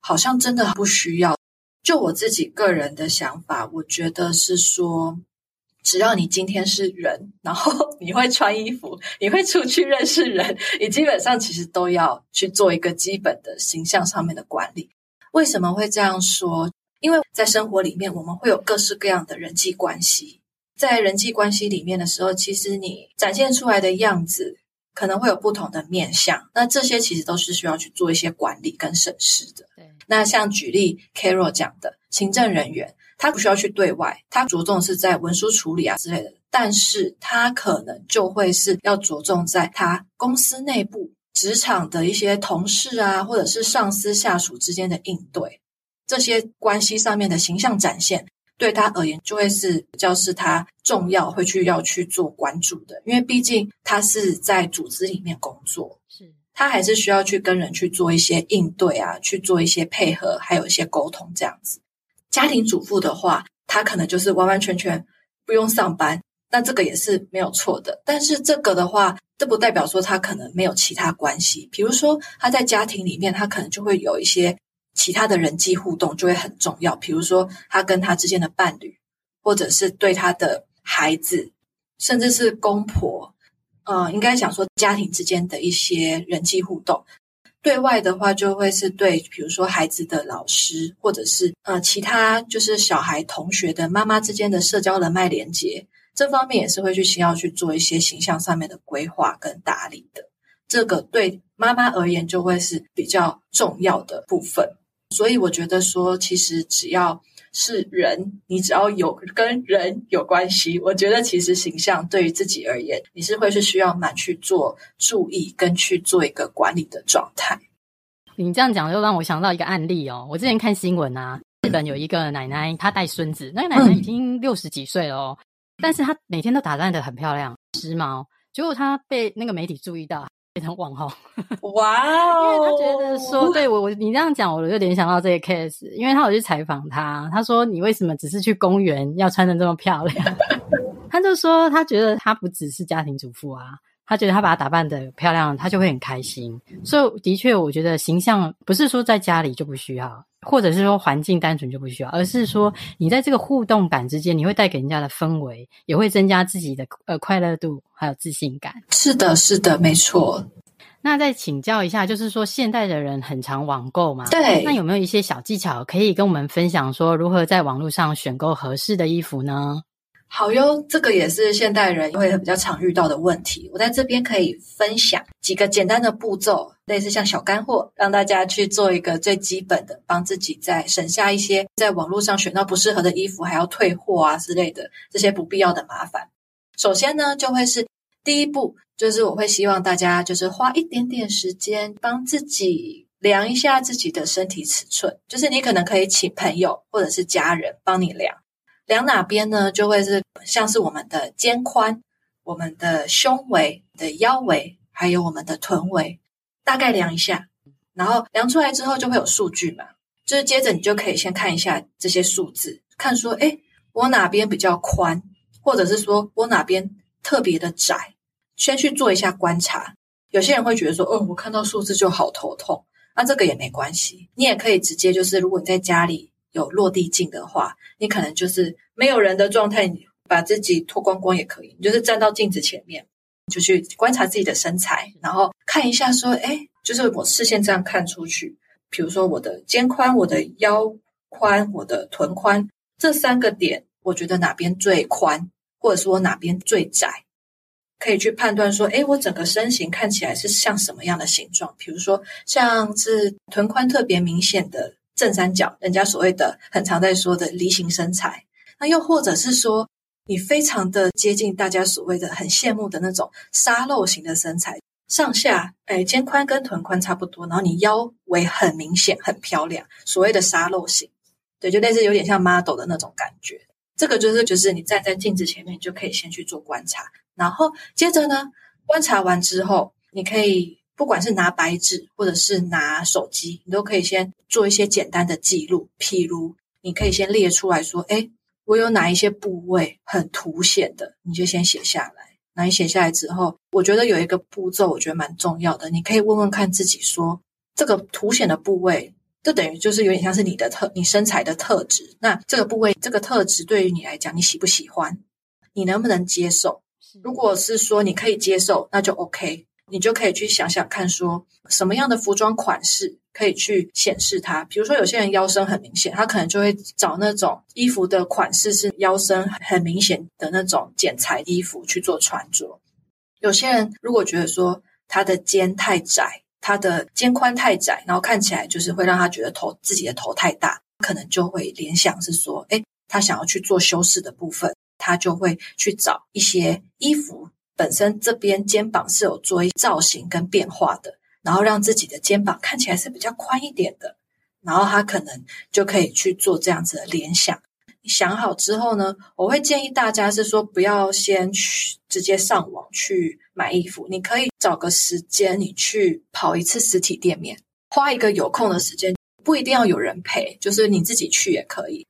B: 好像真的不需要。就我自己個人的想法，我覺得是說。只要你今天是人，然後你會穿衣服，你會出去認識人，你基本上其實都要去做一個基本的形象上面的管理。為什麼會這樣說？因為在生活裡面，我們會有各式各樣的人際關係，在人際關係裡面的時候，其實你展現出來的樣子可能會有不同的面相，那這些其實都是需要去做一些管理跟審視的。對。那像舉例 Carol 講的，行政人員。他不需要去對外，他着重是在文書處理啊之類的。但是他可能就會是要着重在他公司內部職場的一些同事啊，或者是上司、下屬之間的應對，這些關係上面的形象展現，對他而言就會是比較是他重要會去要去做關注的。因為畢竟他是在組織裡面工作，是他還是需要去跟人去做一些應對啊，去做一些配合，還有一些溝通這樣子。家庭主婦的話，他可能就是完完全全不用上班，那這個也是沒有錯的。但是這個的話，這不代表說他可能沒有其他關係。比如說，他在家庭裡面，他可能就會有一些其他的人際互動，就會很重要。比如說，他跟他之間的伴侶，或者是對他的孩子，甚至是公婆，嗯、呃，應該想說家庭之間的一些人際互動。對外的話，就會是對比如說孩子的老師，或者是呃其他就是小孩同學的媽媽之間的社交人脈連接，這方面也是會去需要去做一些形象上面的規劃跟打理的。這個對媽媽而言，就會是比較重要的部分。所以我覺得說，其實只要是人，你只要有跟人有關係，我覺得其實形象對於自己而言，你是會是需要蠻去做注意跟去做一個管理的狀態。
A: 你這樣講就讓我想到一個案例哦，我之前看新聞啊，日本有一個奶奶，嗯、她帶孫子，那個奶奶已經六十幾歲了哦、嗯，但是她每天都打扮得很漂亮，時髦，結果她被那個媒體注意到。變成網紅哇！ wow! 因為他覺得說，對我我你這樣講，我就聯想到這個 case。因為他有去採訪他，他說，你為什麼只是去公園要穿得這麼漂亮？ 他就說他覺得他不只是家庭主婦啊，他覺得他把他打扮得漂亮，他就會很開心。所以的確，我覺得形象不是說在家裡就不需要。或者是說環境單純就不需要，而是說你在這個互動感之間，你會帶給人家的氛圍，也會增加自己的呃快樂度，還有自信感。是的，是的，沒錯。那再請教一下，就是說現代的人很常網購嘛？對。那有沒有一些小技巧可以跟我們分享，說如何在網絡上選購合適的衣服呢？
B: 好喲，這個也是現代人會比較常遇到的問題。我在這邊可以分享幾個簡單的步驟，類似像小乾貨，讓大家去做一個最基本的，幫自己再省下一些在網絡上選到不適合的衣服還要退貨啊之類的這些不必要的麻煩。首先呢，就會是第一步，就是我會希望大家就是花一點點時間幫自己量一下自己的身體尺寸，就是你可能可以請朋友或者是家人幫你量。量哪邊呢？就會是像是我們的肩寬、我們的胸圍、的腰圍，還有我們的臀圍，大概量一下。然後量出來之後，就會有數據嘛。就是接着你就可以先看一下這些數字，看說，哎，我哪邊比較寬，或者是說我哪邊特別的窄，先去做一下觀察。有些人會覺得說，嗯、哦，我看到數字就好頭痛，那、啊、這個也沒關係，你也可以直接就是，如果你在家裡。有落地鏡的話，你可能就是沒有人的狀態，你把自己脫光光也可以。你就是站到鏡子前面，就去觀察自己的身材，然後看一下說，哎、欸，就是我視線這樣看出去，比如說我的肩寬、我的腰寬、我的臀寬這三個點，我覺得哪邊最寬，或者說哪邊最窄，可以去判斷說，哎、欸，我整個身形看起來是像什麼樣的形狀？比如說，像是臀寬特別明顯的。正三角，人家所謂的很常在說的梨形身材，那又或者是說你非常的接近大家所謂的很羨慕的那種沙漏型的身材，上下誒、哎、肩寬跟臀寬差不多，然後你腰圍很明顯很漂亮，所謂的沙漏型，對，就類似有點像 model 的那種感覺。這個就是就是你站在鏡子前面，你就可以先去做觀察，然後接着呢，觀察完之後你可以。不管是拿白紙或者是拿手機，你都可以先做一些簡單的記錄。譬如，你可以先列出來說：“誒，我有哪一些部位很凸顯的，你就先寫下來。”那你寫下來之後，我覺得有一個步驟，我覺得蠻重要的。你可以問問看自己說：“這個凸顯的部位，這等於就是有點像是你的特，你身材的特質。那這個部位，這個特質對於你來講，你喜不喜歡？你能不能接受？如果是說你可以接受，那就 OK。”你就可以去想想看，說什麼樣的服裝款式可以去顯示它。比如說，有些人腰身很明顯，他可能就會找那種衣服的款式是腰身很明顯的那種剪裁衣服去做穿着。有些人如果覺得說他的肩太窄，他的肩寬太窄，然後看起來就是會讓他覺得頭，自己的頭太大，可能就會聯想是說，誒，他想要去做修飾的部分，他就會去找一些衣服。本身這邊肩膀是有做一些造型跟變化的，然後讓自己的肩膀看起來是比較寬一點的，然後他可能就可以去做這樣子的聯想。你想好之後呢，我會建議大家是說，不要先去直接上網去買衣服，你可以找個時間，你去跑一次實體店面，花一個有空的時間，不一定要有人陪，就是你自己去也可以，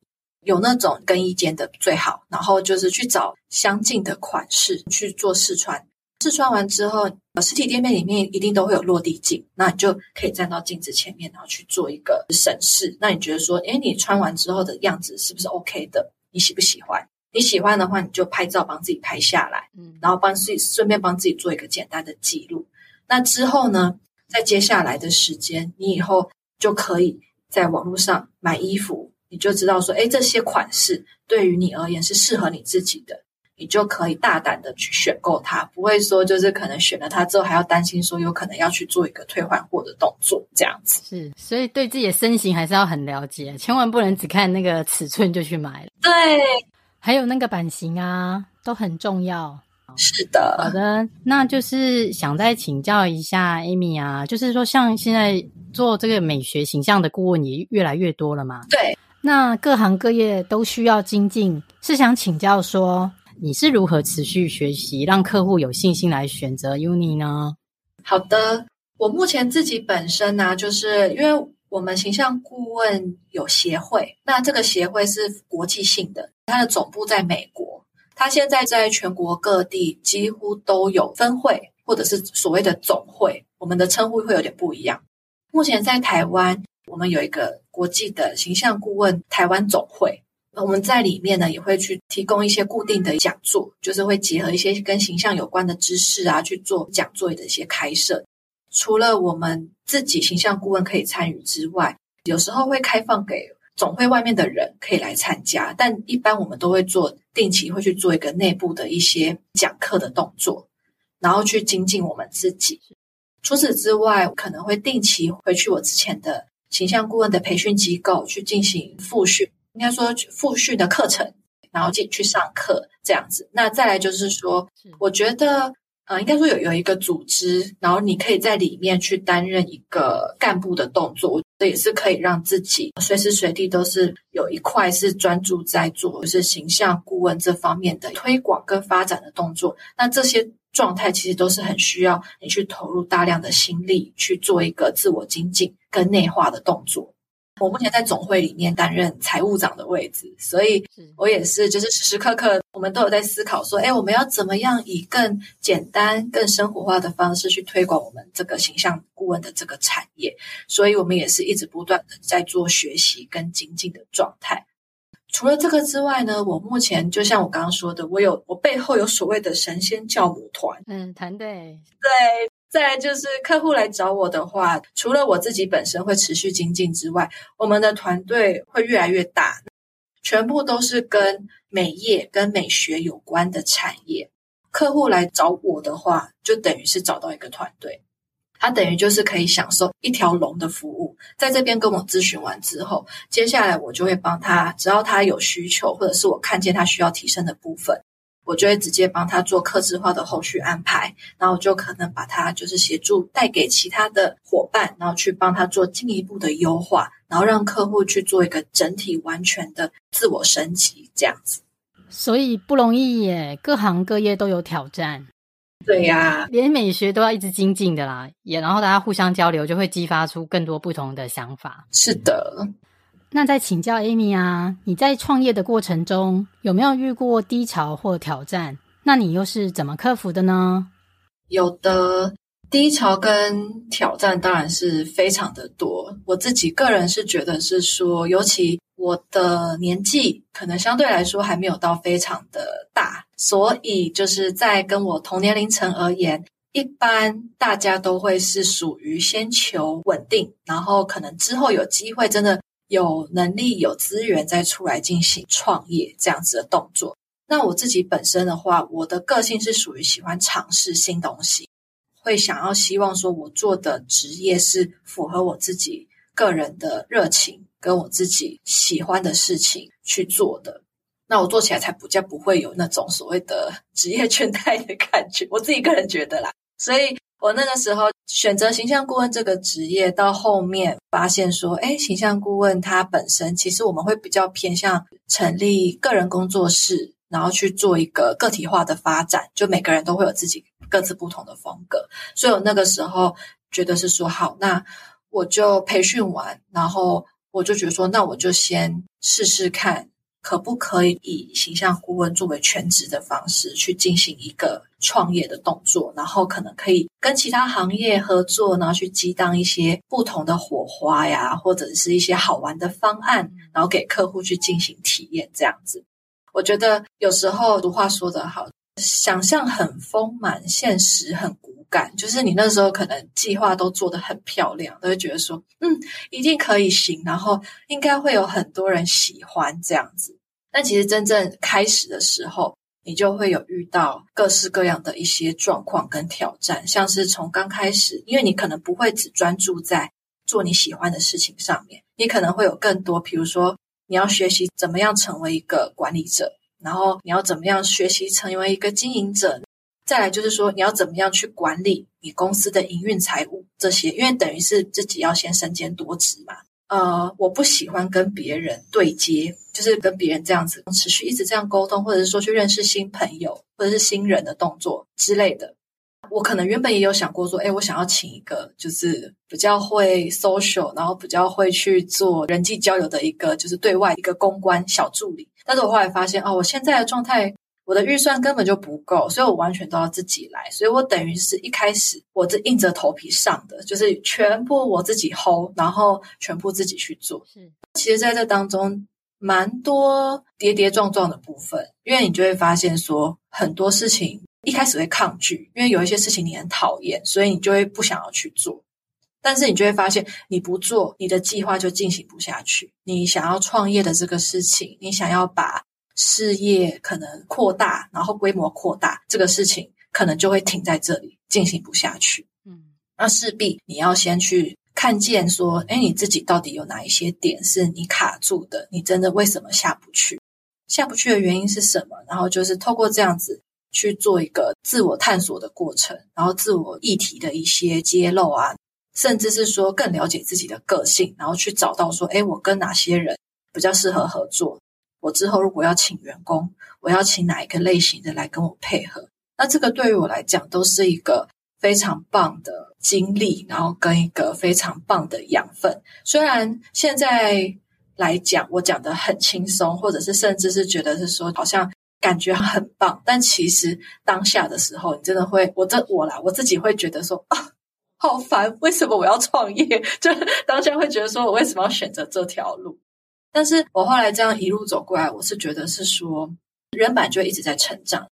B: 有那種更衣間的最好，然後就是去找相近的款式去做試穿。試穿完之後，呃，實體店面裡面一定都會有落地鏡，那你就可以站到鏡子前面，然後去做一個審視。那你覺得說，誒，你穿完之後的樣子是不是 OK 的？你喜不喜歡？你喜歡的話，你就拍照幫自己拍下來，嗯，然後幫自己順便幫自己做一個簡單的記錄。那之後呢，在接下來的時間，你以後就可以在網絡上買衣服。你就知道說，哎，這些款式對於你而言是適合你自己的，你就可以大膽的去選購它，不會說就是可能選了它之後還要擔心說有可能要去做一個退
A: 換貨的動作，這樣子。是，所以對自己的身形還是要很了解，千萬不能只看那個尺寸就去買了。對，還有那個版型啊，都很重要。是的，好的，那就是想再請教一下 Amy 啊，就是說像現在做這個美學形象的顧問也越來越多了嘛？對。那各行各業都需要精進，是想請教說，你是如何持續學習，讓客戶有信心來選擇 UNI 呢？好的，我目
B: 前自己本身呢，啊，就是因為我們形象顧問有協會，那這個協會是國際性的，它的總部在美國，它現在在全國各地幾乎都有分會或者是所謂的總會，我們的稱呼會有點不一樣。目前在台灣，我們有一個。國際的形象顧問台灣總會，我們在裡面呢也會去提供一些固定的講座，就是會結合一些跟形象有關的知識啊去做講座的一些開設。除了我們自己形象顧問可以參與之外，有時候會開放給總會外面的人可以來參加。但一般我們都會做定期會去做一個內部的一些講課的動作，然後去精進我們自己。除此之外，可能會定期回去我之前的。形象顧問的培訓機構去進行複訓，應該說複訓的課程，然後進去上課，這樣子。那再來就是說，是我覺得呃，應該說有有一個組織，然後你可以在裡面去擔任一個幹部的動作，我覺得也是可以讓自己隨時隨地都是有一塊是專注在做，就是形象顧問這方面的推廣跟發展的動作。那這些。狀態其實都是很需要你去投入大量的心力去做一個自我精進跟內化的動作。我目前在總會裡面擔任財務長的位置，所以我也是就是時時刻刻我們都有在思考說，哎，我們要怎麼樣以更簡單、更生活化的方式去推廣我們這個形象顧問的這個產業？所以我們也是一直不斷的在做學習跟精進的狀態。除了這個之外呢，我目前就像我剛剛說的，我有，我背後有所謂的神仙教母團，
A: 嗯，團隊
B: 對。再就是客戶來找我的話，除了我自己本身會持續精進之外，我們的團隊會越來越大，全部都是跟美業、跟美學有關的產業。客戶來找我的話，就等於是找到一個團隊。他等於就是可以享受一條龍的服務，在這邊跟我諮詢完之後，接下來我就會幫他，只要他有需求，或者是我看見他需要提升的部分，我就會直接幫他做客制化的後續安排，然後就可能把他就是協助帶給其他的伙伴，然後去幫他做進一步的優化，然後讓客戶去做一個整體完
A: 全的自我升級，這樣子。所以不容易耶，各行各業都有挑戰。對呀、啊，連美學都要一直精進的啦，也然後大家互相交流，就會激發出更多不同的想法。是的，那再請教 Amy 啊，你在創業的過程中有沒有遇過低潮或挑戰？那你又是怎麼克服的呢？
B: 有的，低潮跟挑戰當然是非常的多，我自己個人是覺得是說，尤其。我的年紀可能相對來說還沒有到非常的大，所以就是在跟我同年齡層而言，一般大家都會是屬於先求穩定，然後可能之後有機會真的有能力有資源再出來進行創業這樣子的動作。那我自己本身的話，我的個性是屬於喜歡嘗試新東西，會想要希望說我做的職業是符合我自己個人的熱情，跟我自己喜歡的事情去做的，那我做起來才比較不會有那種所謂的職業倦怠的感覺。我自己個人覺得啦，所以我那個時候選擇形象顧問這個職業，到後面發現說，哎，形象顧問它本身其實我們會比較偏向成立個人工作室，然後去做一個個體化的發展，就每個人都會有自己各自不同的風格。所以我那個時候覺得是說，好，那我就培訓完，然後。我就覺得說，那我就先試試看，可不可以以形象顧問作為全職的方式去進行一個創業的動作，然後可能可以跟其他行業合作，然後去激盪一些不同的火花呀，或者是一些好玩的方案，然後給客戶去進行體驗，這樣子。我覺得有時候俗話說得好。想象很豐滿，現實很骨感。就是你那時候可能計劃都做得很漂亮，都會覺得說，嗯，一定可以行，然後應該會有很多人喜歡這樣子。但其實真正開始的時候，你就會有遇到各式各樣的一些狀況跟挑戰，像是從剛開始，因為你可能不會只專注在做你喜歡的事情上面，你可能會有更多，比如說你要學習怎麼樣成為一個管理者。然後你要怎麼樣學習成為一個經營者？再來就是說，你要怎麼樣去管理你公司的營運財務這些，因為等於是自己要先身兼多職嘛。呃，我不喜歡跟別人對接，就是跟別人這樣子持續一直這樣溝通，或者是說去認識新朋友或者是新人的動作之類的。我可能原本也有想過說，哎，我想要請一個就是比較會 social，然後比較會去做人際交流的一個，就是對外一個公關小助理。但是我後來發現，哦，我現在的狀態，我的預算根本就不夠，所以我完全都要自己來。所以我等於是一開始我是硬着頭皮上的，就是全部我自己 hold，然後全部自己去做。是。其實在這當中蠻多跌跌撞撞的部分，因為你就會發現說很多事情。一開始會抗拒，因為有一些事情你很討厭，所以你就會不想要去做。但是你就會發現，你不做，你的計劃就進行不下去。你想要創業的這個事情，你想要把事業可能擴大，然後規模擴大，這個事情可能就會停在這裡，進行不下去。嗯，那勢必你要先去看見說，誒，你自己到底有哪一些點是你卡住的？你真的為什麼下不去？下不去的原因是什麼？然後就是透過這樣子。去做一個自我探索的過程，然後自我議題的一些揭露啊，甚至是說更了解自己的個性，然後去找到說，哎，我跟哪些人比較適合合作？我之後如果要請員工，我要請哪一個類型的來跟我配合。那這個對於我來講都是一個非常棒的經歷，然後跟一個非常棒的養分。雖然現在來講，我講得很輕鬆，或者是甚至是覺得是說好像。感覺很棒，但其實當下的時候，你真的會，我這我啦，我自己會覺得說啊，好煩，為什麼我要創業？就當下會覺得說我為什麼要選擇這條路？但是我後來這樣一路走過來，我是覺得是說，人版就一直在成長，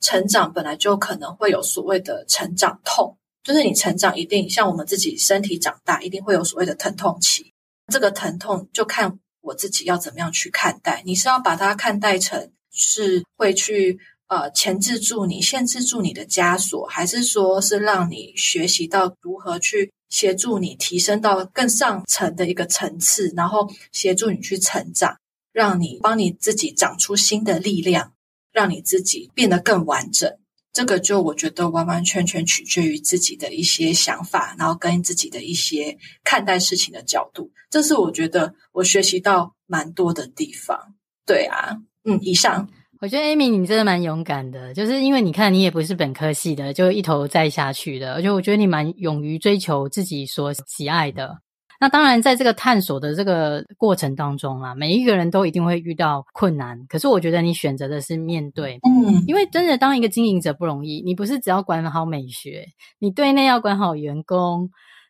B: 成長本來就可能會有所謂的成長痛，就是你成長一定像我們自己身體長大，一定會有所謂的疼痛期。這個疼痛就看我自己要怎麼樣去看待，你是要把它看待成。是會去呃鉗制住你、限制住你的枷鎖，還是說是讓你學習到如何去協助你提升到更上層的一個層次，然後協助你去成長，讓你幫你自己長出新的力量，讓你自己變得更完整？這個就我覺得完完全全取決於自己的一些想法，然後跟自己的一些看待事情的角度。這是我覺得我學習到蠻多的地
A: 方。對啊。嗯，以上我覺得 Amy 你真的蠻勇敢的，就是因為你看你也不是本科系的，就一頭栽下去的，而且我覺得你蠻勇於追求自己所喜愛的。那當然，在這個探索的這個過程當中啊，每一個人都一定會遇到困難，可是我覺得你選擇的是面對，嗯，因為真的當一個經營者不容易，你不是只要管好美學，你對內要管好員工。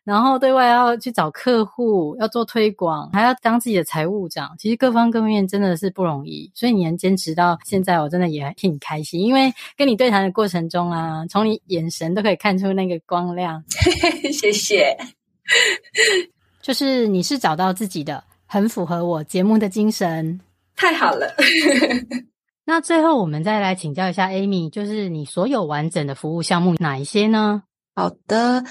A: 然後對外要去找客戶，要做推廣，還要當自己的財務長，其實各方各面真的是不容易。所以你能堅持到現在，我真的也很替你開心。因為跟你對談的過程中啊，從你眼神都可以看出那個光亮。謝謝。就是你是找到自己的，很符合我節目的精神。太好了。 那最後我們再來請教一下 Amy，就是你所有完整的服務項目哪一些呢？好的。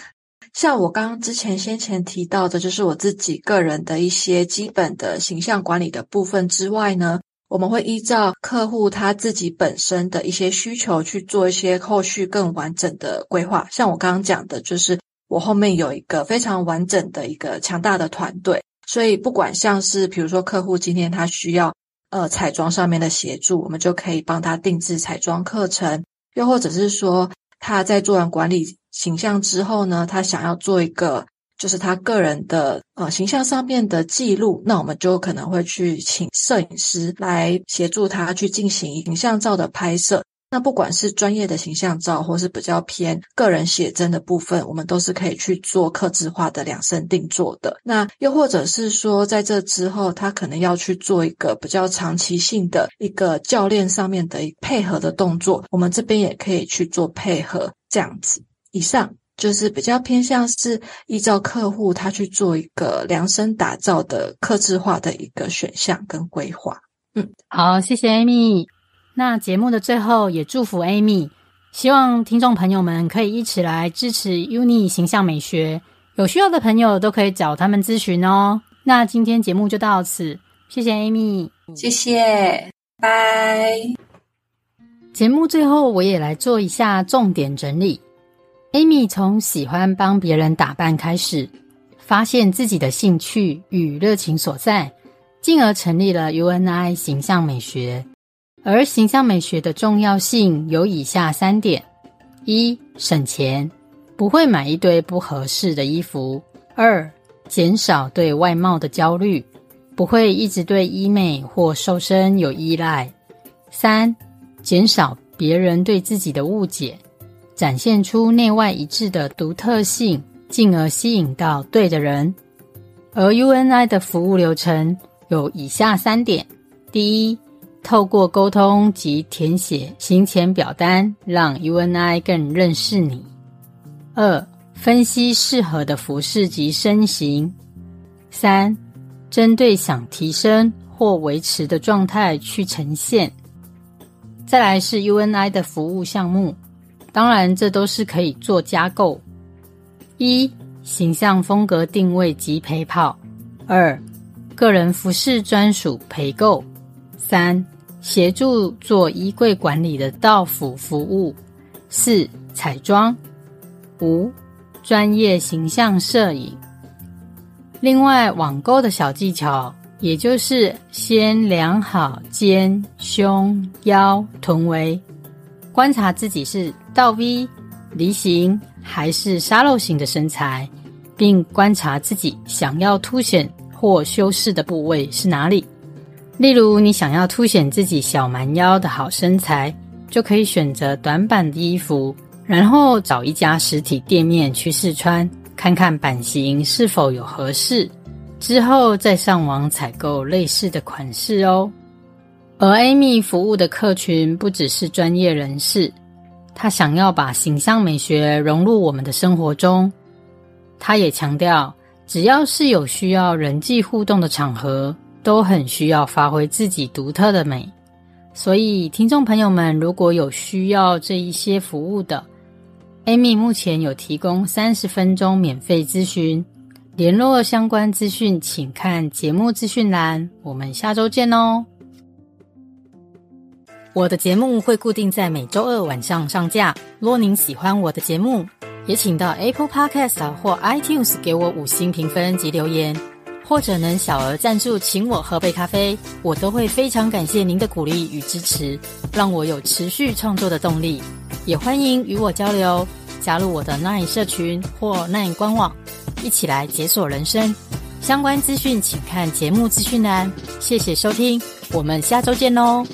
A: 像我剛剛之前先
B: 前提到的，就是我自己個人的一些基本的形象管理的部分之外呢，我們會依照客戶他自己本身的一些需求去做一些後續更完整的規劃。像我剛剛講的，就是我後面有一個非常完整的一個強大的團隊，所以不管像是比如說客戶今天他需要呃彩妝上面的協助，我們就可以幫他定制彩妝課程，又或者是說他在做完管理。形象之後呢，他想要做一個就是他個人的呃形象上面的記錄，那我們就可能會去請攝影師來協助他去進行形象照的拍攝。那不管是專業的形象照，或是比較偏個人寫真的部分，我們都是可以去做客製化的量身定做的。那又或者是說，在這之後他可能要去做一個比較長期性的一個教練上面的配合的動作，我們這邊也可以去做配合這樣子。以上就是比較偏向是依照客戶他去做一個量身打造的、客製化的一個選項跟規劃。
A: 嗯，好，謝謝 Amy。那節目的最後也祝福 Amy，希望聽眾朋友們可以一起來支持 UNI 形象美學，有需要的朋友都可以找他們諮詢哦。那今天節目就到此，謝謝 Amy，謝謝，拜。節目最後我也來做一下重點整理。Amy 從喜歡幫別人打扮開始，發現自己的興趣與熱情所在，進而成立了 UNI 形象美學。而形象美學的重要性有以下三點：一、省錢，不會買一堆不合適的衣服；二、減少對外貌的焦慮，不會一直對醫美或瘦身有依賴；三、減少別人對自己的誤解。展現出內外一致的獨特性，進而吸引到對的人。而 UNI 的服務流程有以下三點：第一，透過溝通及填寫行前表單，讓 UNI 更認識你；二，分析適合的服飾及身形；三，針對想提升或維持的狀態去呈現。再來是 UNI 的服務項目。當然，這都是可以做加購：一、形象風格定位及陪跑；二、個人服飾專屬陪購；三、協助做衣櫃管理的到府服務；四、彩妝；五、專業形象攝影。另外，網購的小技巧，也就是先量好肩、胸、腰、臀圍，觀察自己是。到 V 梨形，還是沙漏型的身材，並觀察自己想要凸顯或修飾的部位是哪裡。例如，你想要凸顯自己小蠻腰的好身材，就可以選擇短版的衣服，然後找一家實體店面去試穿，看看版型是否有合適。之後再上網採購類似的款式哦。而 Amy 服務的客群不只是專業人士。他想要把形象美學融入我們的生活中。他也強調，只要是有需要人際互動的場合，都很需要發揮自己獨特的美。所以，聽眾朋友們，如果有需要這一些服務的，Amy 目前有提供三十分鐘免費諮詢，聯絡相關資訊，請看節目資訊欄。我們下周見哦。我的節目會固定在每周二晚上上架。若您喜歡我的節目，也請到 Apple Podcast 或 iTunes 給我五星評分及留言，或者能小額贊助，請我喝杯咖啡，我都會非常感謝您的鼓勵與支持，讓我有持續創作的動力。也歡迎與我交流，加入我的 LINE 社群或 LINE 官網，一起來解鎖人生。相關資訊請看節目資訊欄。謝謝收聽，我們下周見哦。